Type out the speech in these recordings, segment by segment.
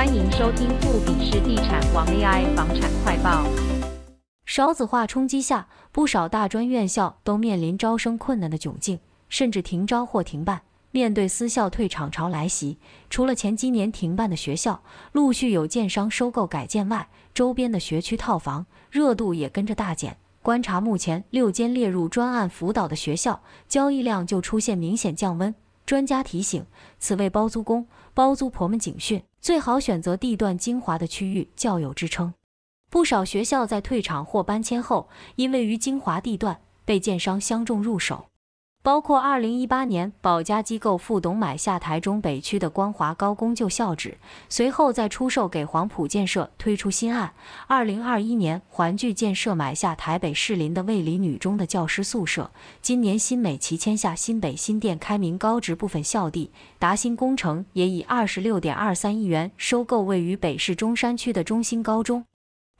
歡迎收聽富比士地產王 AI 房產快報。少子化衝擊下，不少大專院校都面臨招生困難的窘境，甚至停招或停辦。面對私校退場潮來襲，除了前幾年停辦的學校陸續有建商收購改建外，周邊的學區套房熱度也跟着大減。觀察目前六間列入專案輔導的學校，交易量就出現明顯降溫。專家提醒，此為包租公、包租婆們警訊。最好選擇地段精華的區域，較有支撐。不少學校在退場或搬遷後，因位於精華地段，被建商相中入手。包括二零一八年寶佳機構副董買下台中北區的光華高工舊校址，隨後再出售給黃埔建設推出新案。二零二一年環聚建設買下台北士林的衛理女中的教師宿舍。今年新美齊簽下新北新店開明高職部分校地，達欣工程也以二十六點二三億元收購位於北市中山區的中興高中。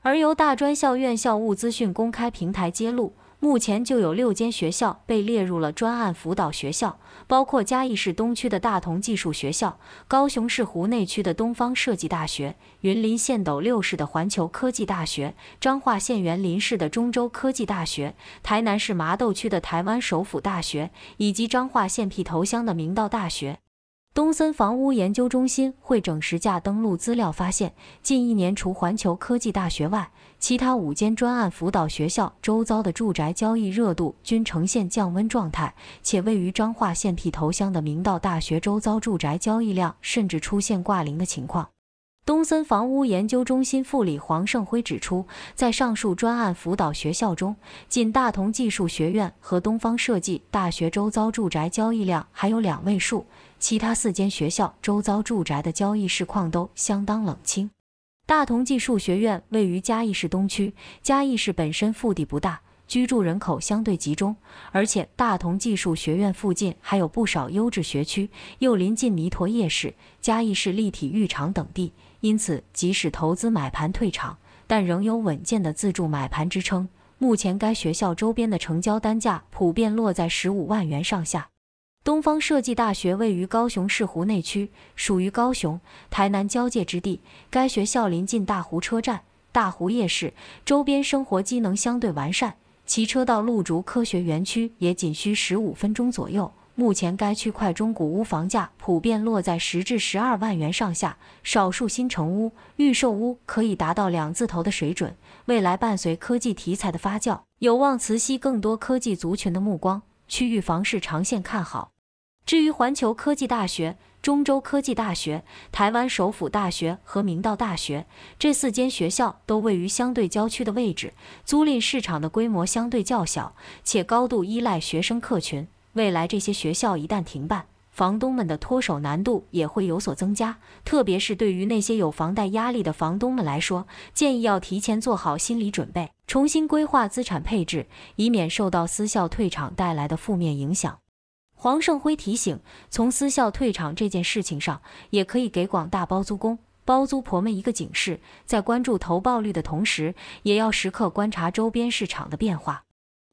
而由大專校院校務資訊公開平台揭露，目前就有六間學校被列入了專案輔導學校，包括嘉義市東區的大同技術學校、高雄市湖內區的東方設計大學、雲林縣斗六市的環球科技大學、彰化縣員林市的中州科技大學、台南市麻豆區的台灣首府大學，以及彰化縣埤頭鄉的明道大學。東森房屋研究中心匯整時價登錄資料發現，近一年除環球科技大學外，其他五間專案輔導學校周遭的住宅交易熱度均呈現降溫狀態，且位於彰化縣埤頭鄉的明道大學周遭住宅交易量甚至出現掛零的情況。東森房屋研究中心副理黃勝輝指出，在上述專案輔導學校中，僅大同技術學院和東方設計大學周遭住宅交易量還有兩位數，其他四間學校周遭住宅的交易市況都相當冷清。大同技術學院位於嘉義市東區，嘉義市本身腹地不大，居住人口相對集中，而且大同技術學院附近還有不少優質學區，又臨近彌陀夜市、嘉義市立體育場等地。因此，即使投資買盤退場，但仍有穩健的自住買盤支撐。目前該學校周邊的成交單價普遍落在十五萬元上下。東方設計大學位於高雄市湖內區，屬於高雄、台南交界之地。該學校臨近大湖車站、大湖夜市，周邊生活機能相對完善，騎車到路竹科學園區也僅需十五分鐘左右。目前該區塊中古屋房價普遍落在十至十二萬元上下，少數新成屋、預售屋可以達到兩字頭的水準。未來伴隨科技題材的發酵，有望磁吸更多科技族群的目光，區域房市長線看好。至於環球科技大學、中州科技大學、台灣首府大學和明道大學這四間學校，都位於相對郊區的位置，租賃市場的規模相對較小，且高度依賴學生客群。未來這些學校一旦停辦，房東們的脫手難度也會有所增加，特別是對於那些有房貸壓力的房東們來說，建議要提前做好心理準備，重新規劃資產配置，以免受到私校退場帶來的負面影響。黃勝輝提醒，從私校退場這件事情上，也可以給廣大包租公、包租婆們一個警示，在關注投報率的同時，也要時刻觀察周邊市場的變化。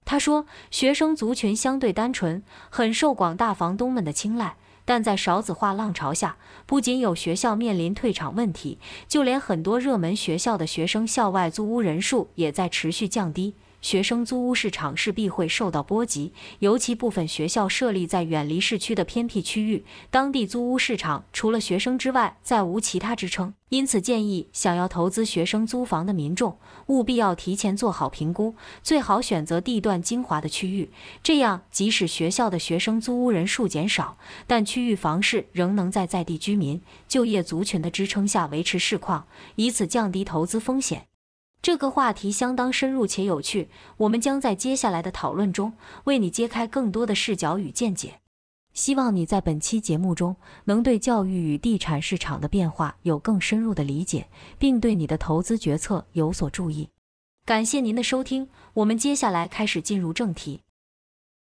他說：“學生族群相對單純，很受廣大房東們的青睞。但在少子化浪潮下，不僅有學校面臨退場問題，就連很多熱門學校的學生校外租屋人數也在持續降低。”學生租屋市場勢必會受到波及，尤其部分學校設立在遠離市區的偏僻區域，當地租屋市場除了學生之外再無其他支撐。因此，建議想要投資學生租房的民眾，務必要提前做好評估，最好選擇地段精華的區域，這樣即使學校的學生租屋人數減少，但區域房市仍能在在地居民就業族群的支撐下維持市況，以此降低投資風險。這個話題相當深入且有趣，我們將在接下來的討論中為你揭開更多的視角與見解。希望你在本期節目中能對教育與地產市場的變化有更深入的理解，並對你的投資決策有所注意。感謝您的收聽，我們接下來開始進入正題。